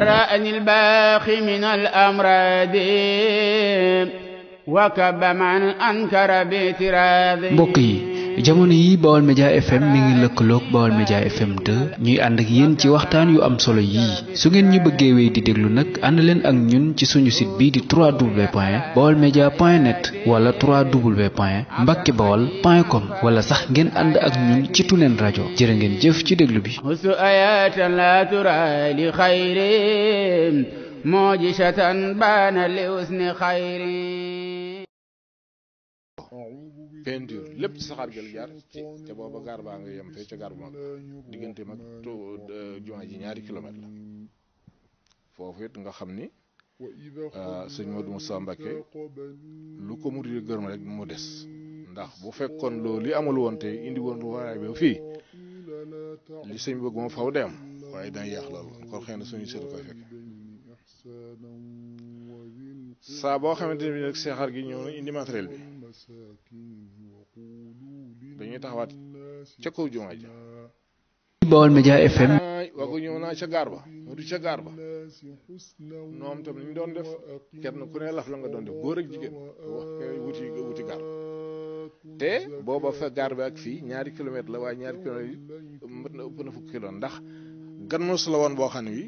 برأني الباقي من الأمراض وكب من أنكر باعتراضه mbokk yi jamono yi Baol Média FM mi ngi lëkkaloog Baol Média FM 2 ñuy ànd ak yéen ci waxtaan yu am solo yii su ngeen ñu bëggee wéy di déglu nag ànd leen ak ñun ci suñu site bii di 3w point baolmedia point net wala 3w point mbacke baol point com wala sax ngeen ànd ak ñun ci tuleen rajo jërë ngeen jëf ci déglu bi usu ayatan la tura li xayri mujisatan baana peinture lépp saxaar gi la jaar ci te booba gaar baa nga yem fee ca gaar bu mag diggante mag euh, jumaa ji ñaari kilomètre la foofu it nga xam ni euh, sëñ Modou lu ko murid gërëm rek mu ndax bu fekkoon loolu li amul indi woon waaye ba fii faw dem waaye dana yàq loolu kon na suñu seetu koy fekke saa boo xamante ne bi nag saxaar gi ñëw indi matériel bi ñu taxawaat ca kaw jumaa ja Baol Média FM waa ko ñëw naa ca gaar ba mu du noom tam li ñu doon def kenn ku ne laf la nga doon def góor ak jigéen wax wuti wuti gaar te booba fa gaar bi ak fii ñaari kilomètre la waaye ñaari kilomètre yi mët na ëpp na fukki kilo ndax ganus la woon boo xam ne wi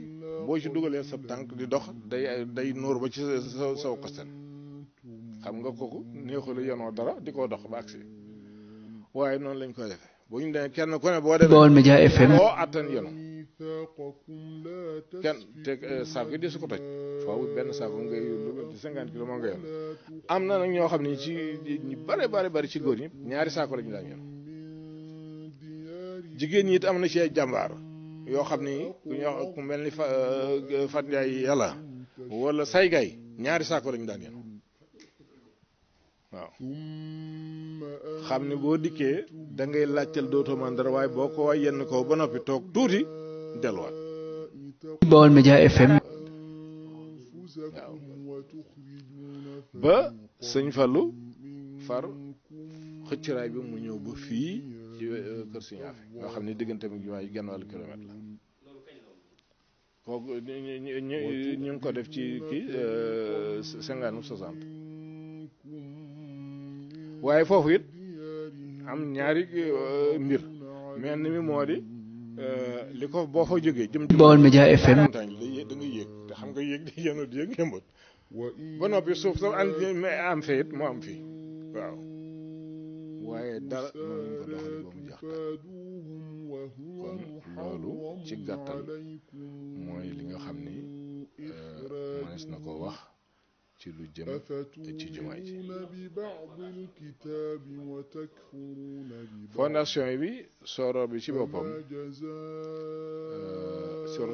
boo ci dugalee sa di dox day day nuur ba ci sa saw nga kooku neexu la yenoo dara di koo dox ba agsi waaye noonu lañ koy defee bu ñu demee kenn ku ne boo demee Baol Média FM boo attan yenu kenn te eh, saako yi di su ko toj faaw benn saako ngay lu di cinquante kilo moo nga yenu am na nag ñoo xam ne ci ñu bare bare bari ci góor ñi ñaari saako la ñu daan yenu jigéen ñi it am na ci ay jàmbaar yoo xam ni ku ñoo ku mel ni eh, Fat Ndiaye yàlla wala saygay ñaari saako la ñu daan yenu waaw xam ne boo dikkee da ngay laajteel dootoo man waaye boo ko waay yenn ko ba noppi toog tuuti delluwaat. Baol ba sëñ falu far xëccëraay bi mu ñëw ba fii ci euh, kër Sëñ Afe nga xam ne diggante bi jumaa yi genn wàllu kilomètre la. ngi ko def ci kii cinquante euh, soixante waaye foofu it. am ñaari euh, mbir mel ni mi moo di euh, li ko boo fa jógee jëm ci Baol Média FM montagne la xam nga yéeg di yénoo di yéeg ba noppi suuf sax am am fa moo am fii waaw waaye dara kon loolu ci gàttal mooy li nga xam ni euh, mënees na ko wax ci lu jëm ci jumaa ji fondation bi soro bi ci boppam euh,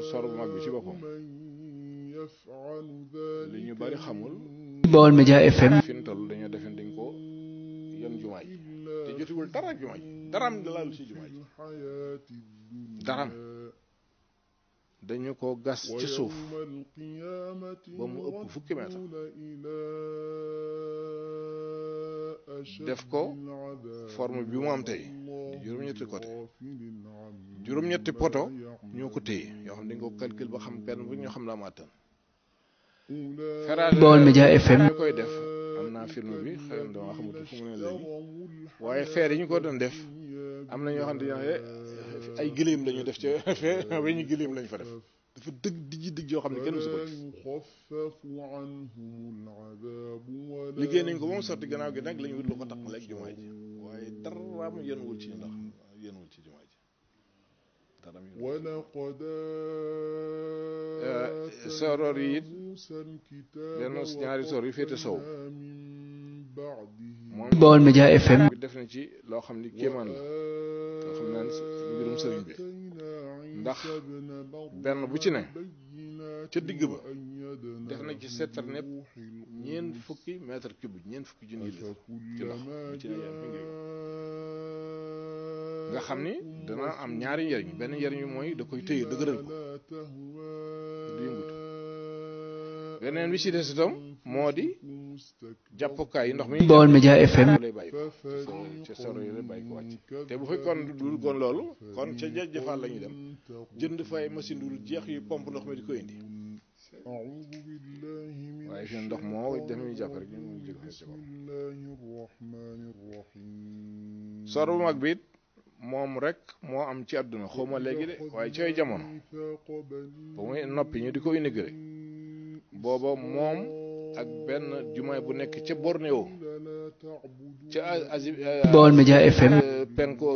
soro bu mag bi ci boppam li ñu bari xamul Baol Média FM fi ñu toll dañoo defen dañ ko yan jumaa ji te daram la ci jumaa ji daram dañu ko gas ci suuf ba mu ëpp fukki mètre def ko form bi mu am tey juróom-ñetti côté juróom-ñetti poto ñoo ko téye yoo xam dañ ko calcul ba xam kenn bu ñoo xam la am àttan koy def am naa film bi xëy na waaye feer yi ñu ko doon def am na ñoo xam ne ay gëléem la ñu def ca fee weñu gëléem lañ fa def dafa dëgg dijji dëgg yoo xam ne kenn musu ko gis liggéey nañ ko moom sotti gannaaw gi nag la ñu wut lu ko taqale ak jumaa ji waaye daraam yenuwul ci ndax yenuwul ci jumaa ji daraam yenuwul eh, eh, soroor yi it benn ñaari sor yi féete sow Baol Média FM. def ci loo xam ne mbirum sëriñ bi ndax benn bu ci ne ca digg ba def na ci seetar nepp ñeent fukki mètre cube ñeent fukki junni litre ci ndox bu ci ne yaa ngi nga xam ni dana am ñaari njariñ benn njariñ bi mooy da koy téye dëgëral ko beneen bi ci des itam moo di jàppukaay yi ndox mi. Baol Média FM. lay bàyyi ko ca soro yi lay bàyyi ko wàcc te bu fekkoon dul kon loolu kon ca jajëfaal la ñuy dem jënd fay machine dul jeex yu pomp ndox mi di ko indi waaye fi ndox moo demee ñu jàpp rek ñu ngi jóg sor bu mag bi moom rek moo am ci àdduna xaw ma léegi de waaye cooy jamono ba muy noppi ñu di ko indi booba moom ak benn jumaay bu nekk ca Bornéo ca asi euh, Baol Média euh, FM penko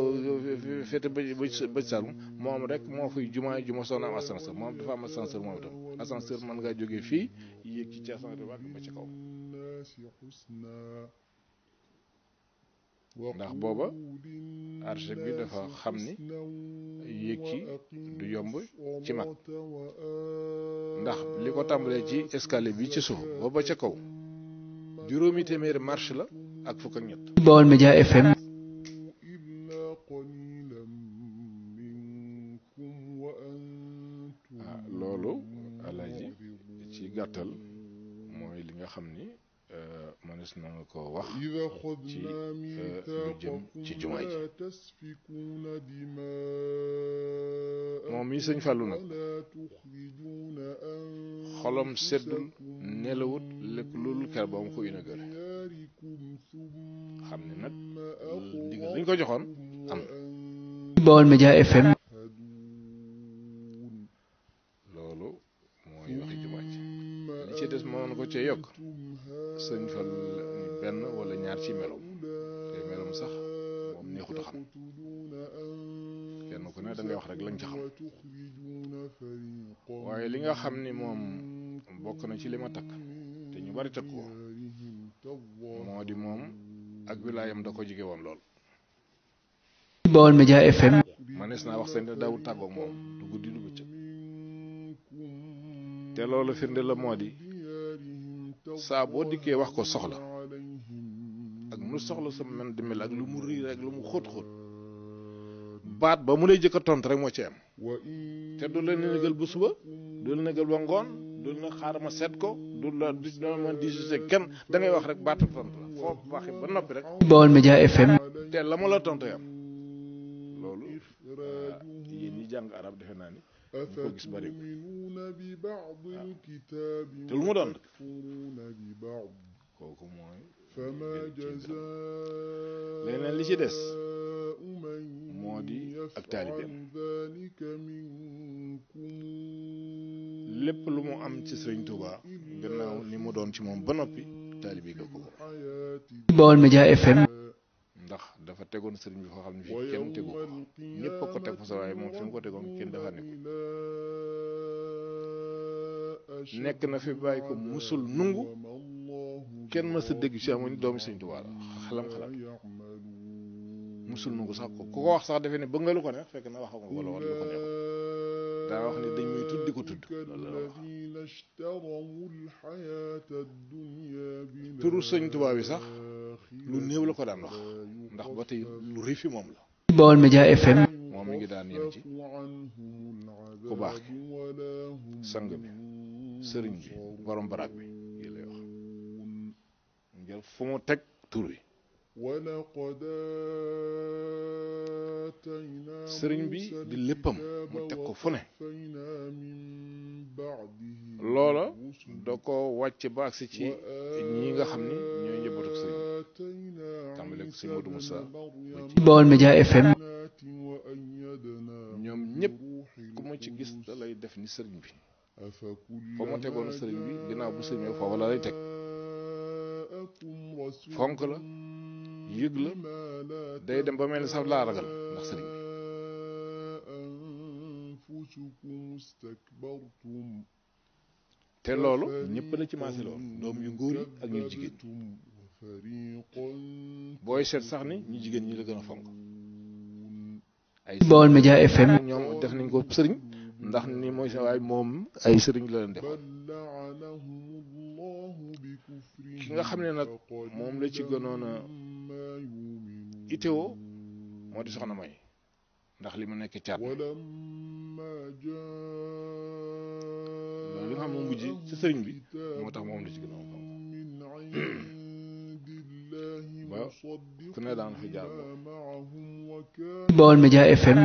féete bëj Saalum moom rek moo fiy jumaay juma soxna am ascenseur moom dafa am ascenseur moom itam ascenseur mën ngaa jógee fii yéeg ci kaw ndax booba arche bi dafa xam ni yéeg ci du yomb ci mag ndax li ko tàmbalee ci escalier bi ci suuf booba ca kaw juróomi téeméeri marche la ak fukk ñett Baol Média FM ah, loolu alaaji ci gàttal mooy li nga xam ni euh, mënees na ko wax ci jëm ci jumaa ji moom mi sëñ Fallou nag xolom seddul nelawut lépp loolu ker ba mu ko inagale xam ne nag ndigal ko joxoon am Baol Média FM li ci des moo ko cee yokk sëñ Fallou benn wala ñaar ci meloom sax euh, moom neexut a xam kenn ku ne da ngay wax rek lañ ca xam waaye li nga xam ni moom bokk na ci li ma takk te ñu bari takk ko moo di moom ak wilaayam da ko jige woon lool. Baol Média FM. manees naa wax seen ne daawul tàggoog moom du guddi du te loolu firnde la moo di saa boo dikkee wax ko soxla. lu soxla sa mën di mel ak lu mu riir ak lu mu xóot-xóot baat ba mu lay jëkk tont rek moo ci am te du la négal bu suba du la négal ba ngoon du la xaar ma seet ko du la du ma di jugé kenn da wax rek baat ak la foo waxee ba noppi rek. Baol Média FM. la ma am loolu ah, yéen ñi jàng arab defe naa ni. ko gis bëri te lu mu doon kooku leneen li ci des moo di ak taalibeem lépp lu mu am ci sëriñ Touba gannaaw ni mu doon ci moom ba noppi taalibe ga ko Baol Média ndax dafa tegoon sëriñ bi foo xam ne fii kenn tegu ko ñëpp a ko teg fa moom fi mu ko tegoon kenn dafa nekk na fi bàyyi ko musul nungu kenn mës a dégg Cheikh Ahmadou ni doomi Sëñ Tuubaa la xalam xalam musul ko sax ku ko wax sax defe ne bëgg ko neex fekk na wax nga wala wala lu ko neex daa wax ne dañ tudd ko tudd turu Sëñ Tuubaa bi sax lu néew la ko daan wax ndax ba tey lu rëy moom la. Baol Média FM. moom mi ngi daan yem ci ku baax sang bi sëriñ bi borom baraag bi. fu mu teg tur wi walaqad sëriñ bi di léppam mu teg ko fu ne loola da ko wàcc ba agsi ci ñi nga xam ni ñooy njabootu sëriñ tàmbaleeg si Modou Moussa FM ñoom ñëpp ku ma ci gis da lay def ni sëriñ bi fa ma tegoon sëriñ bi ginnaaw bu sëriñ bi foofu la lay teg fonk la yëg la day dem ba mel ni sax laa ragal ndax sëriñ te loolu ñëpp la ci maase lool yu góor yi ak ñu jigéen booy seet sax ni ñu jigéen ñi la gën a fonk ay Baol Média FM ñoom def nañ ko sëriñ ndax ni mooy sa waay moom ay sëriñ la leen defal ki nga xam ne nag moom la ci gënoon a itewoo moo di soxna may ndax li mu nekk caat loolu li nga xam moom mujj ci sëriñ bi moo tax moom la ci gënoon ba ku ne daan fi jaar Baol Média FM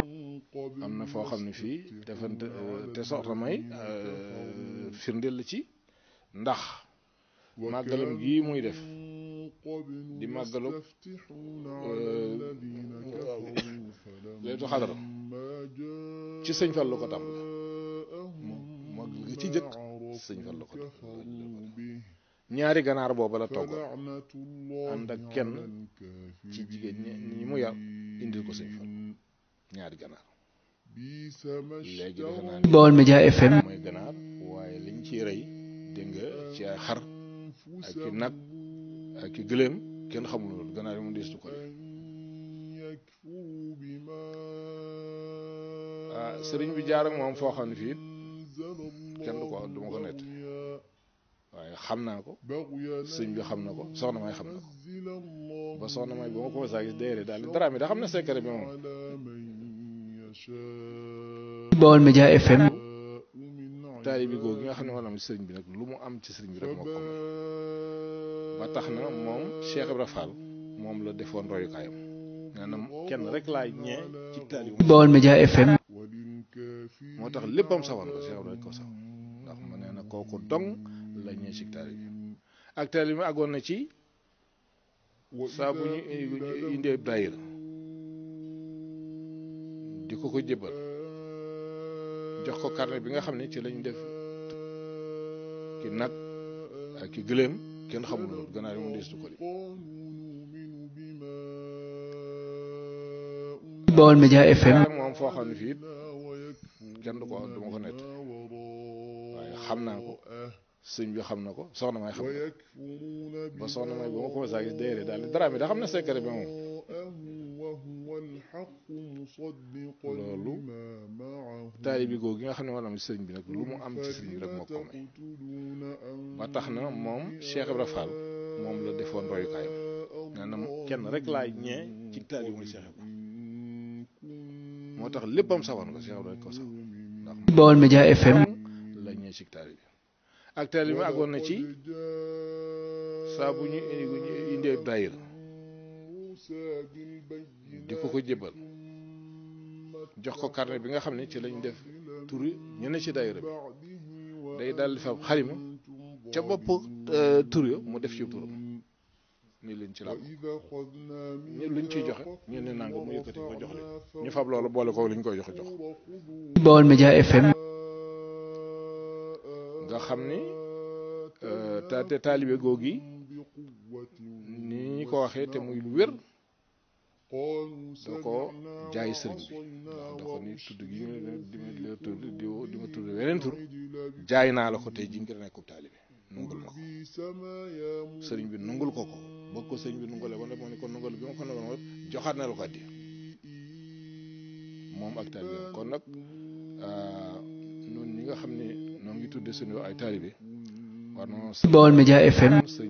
am na foo xam ne fii defante te soxna may euh, firndeel la ci ndax màggalam gii muy def di màggalu leetu xadara ci sëñ Fallu ko tàmbale moom màggal ci jëkk sëñ ñaari ganaar booba la togg ànd ak kenn ci jigéen ñi mu yar indil ko sëñ Fallu ñaari ganaar léegi defe naa Baolmedias FM mooy ganaar waaye liñ ci rey dégg ci ay xar ak i nag ak gëléem kenn xamul loolu ganaar yi moom dees du ko ah, sëriñ bi jaar moom foo xam ne fii kenn du ko du ma waaye xam naa ko sëñ bi xam na ko soxna may xam na ko ba soxna may ba ma ko ma saa daal dara mi da xam na secret bi moom Baolmedias FM taalibi googu gi nga xam ne moom la am sëriñ bi nag lu mu am ci sëriñ bi rek moo ko ba tax na moom Cheikh Ibra moom la defoon royukaayam maanaam kenn rek laay ñee ci taalibi. moo tax léppam sawoon ko Cheikh Ibra ko saw ndax ma nee na kooku dong la ñee ci taalibi ak taalibi bi àggoon na ci saa eh, bu ñu indee daayira di ko ko jëbal jox ko carnet bi nga xam ne ci lañ def ki nag ak ki gëléem kenn xamul ganaar yi moom dees du ko li Baol Média FM xam ne fii kenn du ko duma ko nett waaye xam naa ko sëñ bi xam na ko soxna may xam na ba soxna may ba ma commencé a daal dara mi da xam ne secret bi moom donc taalibi googu gi nga xam ne war na am ci sëriñ bi nag lu mu am ci sëriñ bi rek moo ko may tax na moom Cheikh Ibra Fall moom la defoon royukaayam nee na kenn rek laay ñee ci taalibi mooy Cheikh Ibra moo tax léppam sawoon ko Cheikh Ibra rek ko sawoon ndax Baol Média FM la ñee ci taalibi ak taalibi mi àggoon na ci saa bu ñu indi daayira di ko ko jébal jox ko carnet bi nga xam ne ci lañ def turi ñu ne ci daayira bi day daldi fab xalima ca bopp euh, tur ya mu def ci turam ni leen ci làkk luñ ciy joxe ñu ne nanga mu jox leen ñu fab loolu boole ko liñ koy joxe jox Baol Média FM nga xam ni euh, te taalibe googi ni ñu ko waxee te muy lu wér doo ko jaay sëriñ bi waaw ni tudd gi nga di di ma tudd weneen tur jaay naa la ko tey jim ki da nungul ma ko sëriñ bi nungul ko ko boo ko sëriñ bi nungulee ba ne moo ne ko nungal bi ma ko la kon nag ah, noonu ñi nga xam ne noo ngi tudde suñu ay taalibe war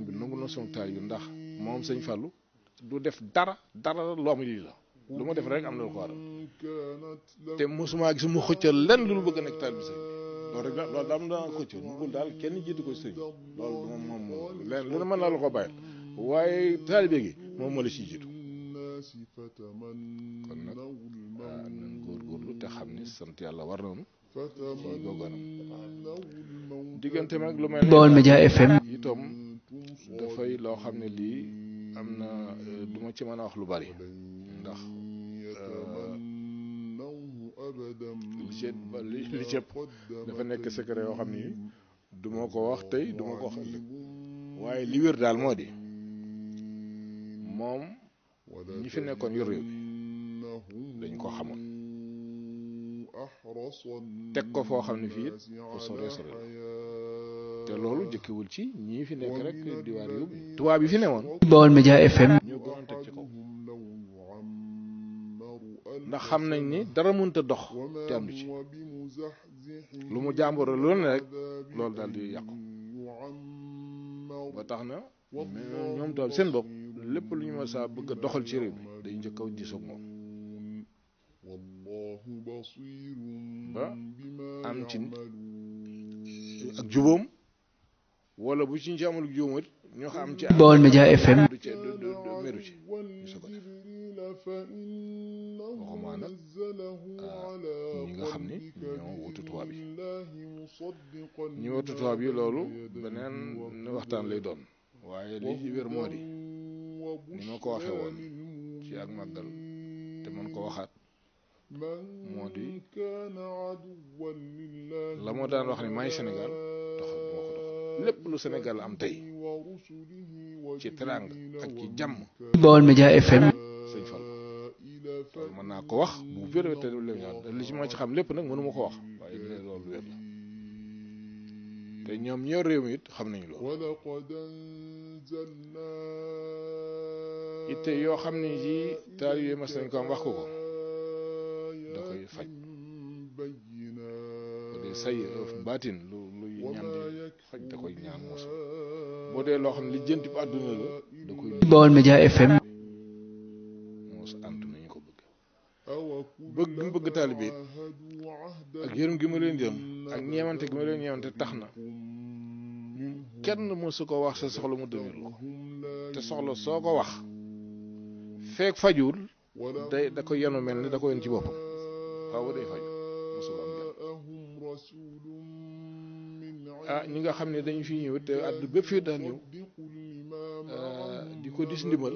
bi nungul na suñu taalibe ndax moom sëñ Fallou du def dara dara lu am la lu ma def rek am na lu ko waral te mosuma gis mu xëccal lenn lu bëgg a nekk taal bi sëñ loolu rek loolu daal mu bul daal kenn jiitu ko sëñ loolu moom moom lenn lu ne naa la ko bàyyil waaye taalibe gi moom moo la siy jiitu kon nag ah, nañ góorgóorlu te xam ni sant yàlla war nañu ci googanam diggante mag lu mel Baolmedias FM itam dafay loo xam ne lii am na euh, du ma ci mën a wax lu bari ndax euh, li li dafa nekk secret yoo xam ni duma ko wax tey du ko wax ëllëg waaye li wér daal moo di moom ñi fi nekkoon yor réew bi dañ ko xamoon teg ko foo xam ne fii it pour sore sore la te loolu jëkkewul ci ñii fi nekk rek diwaan yu tubaab bi fi newoon. Baol Média FM. ndax xam nañ ni dara mënut a dox te ci lu mu jàmbur loolu ne rek loolu daal yu yàqu ba tax na ñoom tubaab seen bopp lépp lu ñu ma saa bëgg a doxal ci réew mi dañu njëkk diisoog moom. ba am ci ak jubóom. wala bu ci ñu ci amul ñoo xam ci Baol Média ci meru ci waxumaa nag ah, ñi nga xam ni ñoo wutu tubaab yi loolu beneen waxtaan lay doon waaye li ci wér moo di ni ko waxee woon ci ak màggal te mën ko waxaat moo di la moo daan wax ni maay Sénégal lépp lu Sénégal am tey ci teranga ak ci jàmm. Baol Média FM. sëñ mën naa ko wax bu wér te li ci ma ci xam lépp nag mënuma ko wax waaye te ñoom ñoo réew mi xam nañu loolu itte yoo xam ni ji taal yooyu mas ko am wax ko ko da koy faj baatin lu luy ñaan faj da koy ñaan loo li jënti bu àdduna antu nañu ko bëgg bëgg mu bëgg taalibe ak yërëm gi ma leen yërëm ak ñeemante gi ma leen ñeemante tax na kenn mosu ko wax sa soxla mu demir ko te soxla soo ko wax feek fajul da ko yenu mel ni da ko yen ci boppam waaw day faju ah ñi nga xam ne dañu fi ñëw te àdduna bépp fii daan ñëw ah, di ko dis ndimbal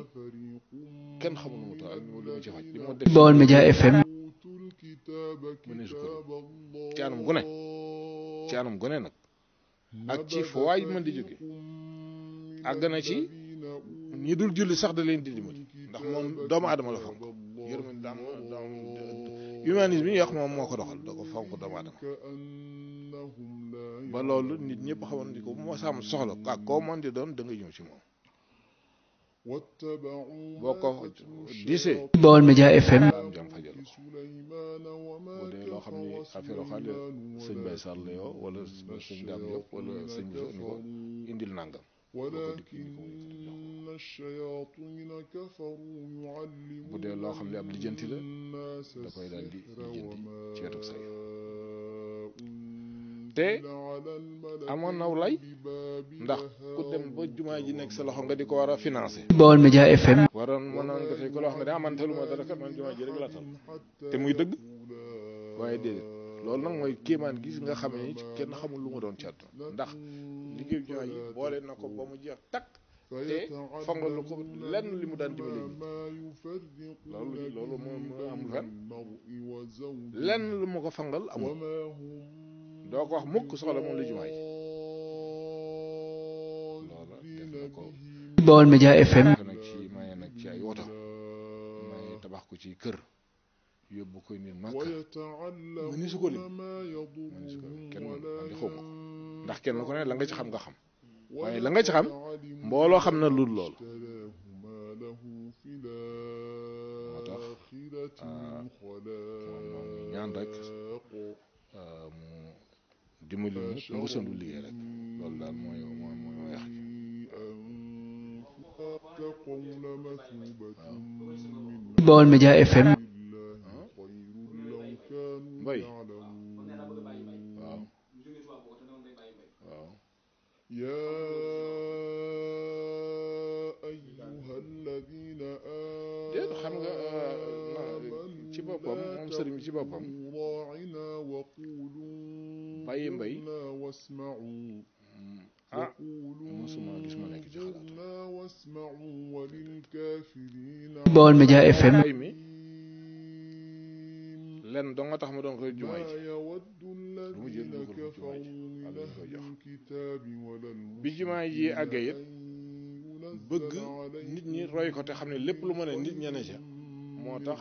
kenn xamul mu taal li ma ci faj. Baol Média FM. mu ne su ko ci anam gone ci mën di jóge àgg na ci ñi dul julli sax da leen di dimbali ndax moom doomu aadama la fonk yërmande daam daam humanisme moom moo ko doxal da ko fonk doomu aadama. ba loolu nit ñëpp xamoon ni ko bu ma sàmm soxla ak koo mën di doon da ñëw ci moom bu dee loo xam ne ab lijjanti la da koy daal di lijjanti ceetu say. te amoon naw lay ndax ku dem ba jumaa ji nekk sa loxo nga di ko war a financé. Baol Média FM. waroon mënoon nga tey ko loo xam ne ah man dara kat man jumaa ji rek laa te muy dëgg waaye déedéet loolu nag mooy kéemaan gis nga xam ne kenn xamul lu mu doon ci àdduna ndax liggéey jumaa ji boole na ko ba mu jeex takk. te fangalu ko lenn li mu daan dimbali loolu loolu moo amul fenn lenn lu ma ko fangal amul doo ko wax mukk soxla moom la jumaa ji loola def na ko Baol Média FM nag ci maye nag ci ay woto maye tabax ko ci kër yóbbu koy nit màkk ma ni su ma ni su ndax kenn ku la nga ci xam nga xam waaye la nga ci xam mbooloo xam na lu loolu moo dimbali ñëpp euh, mbusalu liggéey rek loolu daal mooy mooy mooy euh, wax ji Baol Média FM mbay waaw waaw déet xam nga euh, ci boppam moom sëriñ bi ci boppam Baye Mbaye ah mosuma gis ma nekk ci xalaat. Baol Média FM. lenn dong nga tax ma doon koy jumaa ji lu mu jël dugal ji am ko jox bi jumaa bëgg nit ñi roy ko te xam ne lépp lu ma ne nit ña ne ca moo tax.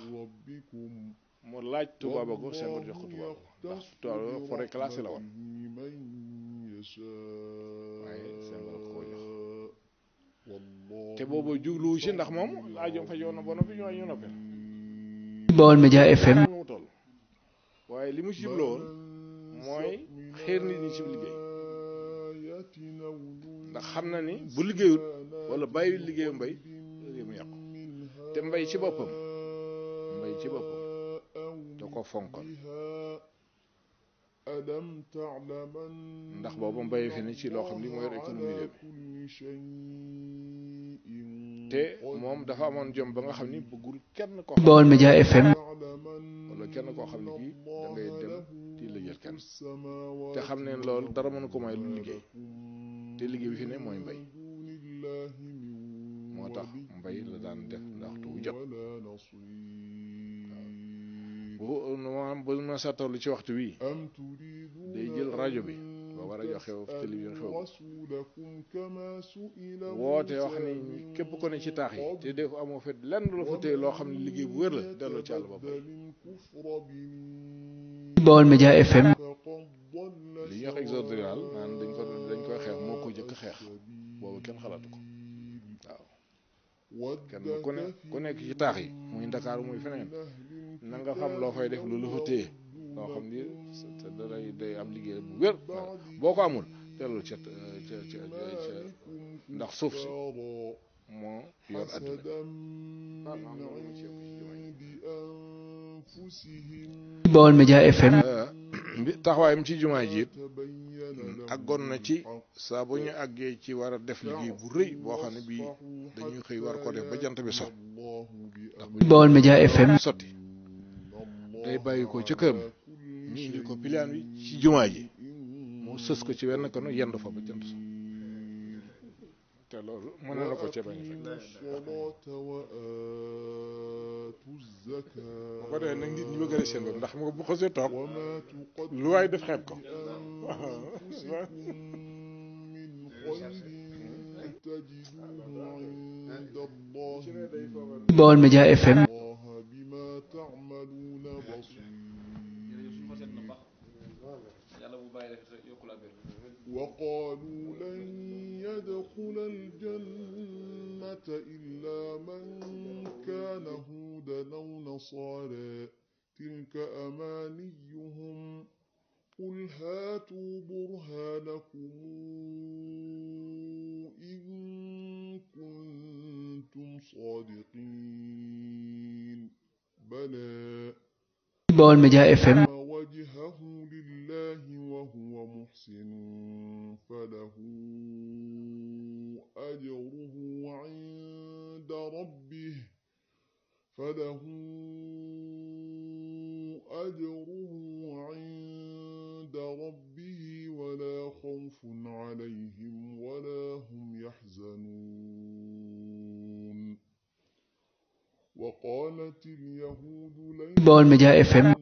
mu laaj tubaaba ko Senghor jox ko tubaaba ndax tubaaba forêt classée la woon waaye Senghor ko jox euh, te boobu jubluwu si ndax moom aajoom fa yoon na ba noppi ñoo ñu noppi Baol Média FM waaye li mu jubloo woon mooy xeer nit ñi si liggéey ndax xam na ni bu liggéeyut wala bàyyi liggéeyu mbay réew mi yàqu te mbay ci boppam mbay ci boppam ko fonkoon ndax booba mbay fi ne loo xam ni mooy yor économie bi te moom dafa amoon jom ba nga xam ni bëggul kenn ko Baol kenn koo xam ne kii da ngay dem di liggéeyal kenn te xam ne dara mënu ko may lu liggéey te liggéey bi fi ne mooy mbay moo tax mbay la daan def ndax tu jot bu maanaam ba ma sa toll ci waxtu wi day jël rajo bi booba rajo xew télévision xew woote wax ni képp ko ne ci taax yi te def amoo fet lenn la fa loo xam ne liggéey bu wér la delloo ci àll ba bay Baol Média FM li ñuy wax exode rural naan dañ ko dañ koy xeex moo ko jëkk xeex boobu kenn xalaatu ko waaw kenn ku nekk ci taax yi muy Ndakaaru muy feneen na nga xam loo fay def lu la fa téye loo xam ni am liggéey bu boo ko amul teelul ca ca ndax suuf si moo yor àdduna Baol eh, bi taxawaayam ci jumaa jiit àggoon na ci saa bu ñu àggee ci war def liggéey bu rëy boo xam ne bii dañuy xëy war ko def ba jant bi so Baol Média FM sotti day bàyyi ko ci këram ñu indi ko pilaan wi ci jumaa ji mu sës ko ci wenn kanu yendu fa ba jant so te loolu mën na la ko ceebañ fekk bu ko defee nag nit ñi bëgg a seen bopp ndax mu bu xasee toog lu waay def xeeb ko Baolmedias FM تعملون بصير وقالوا لن يدخل الجنة إلا من كان هودا أو نصارى تلك أمانيهم قل هاتوا برهانكم إن كنتم صادقين Baol Média FM فله Baol Média FM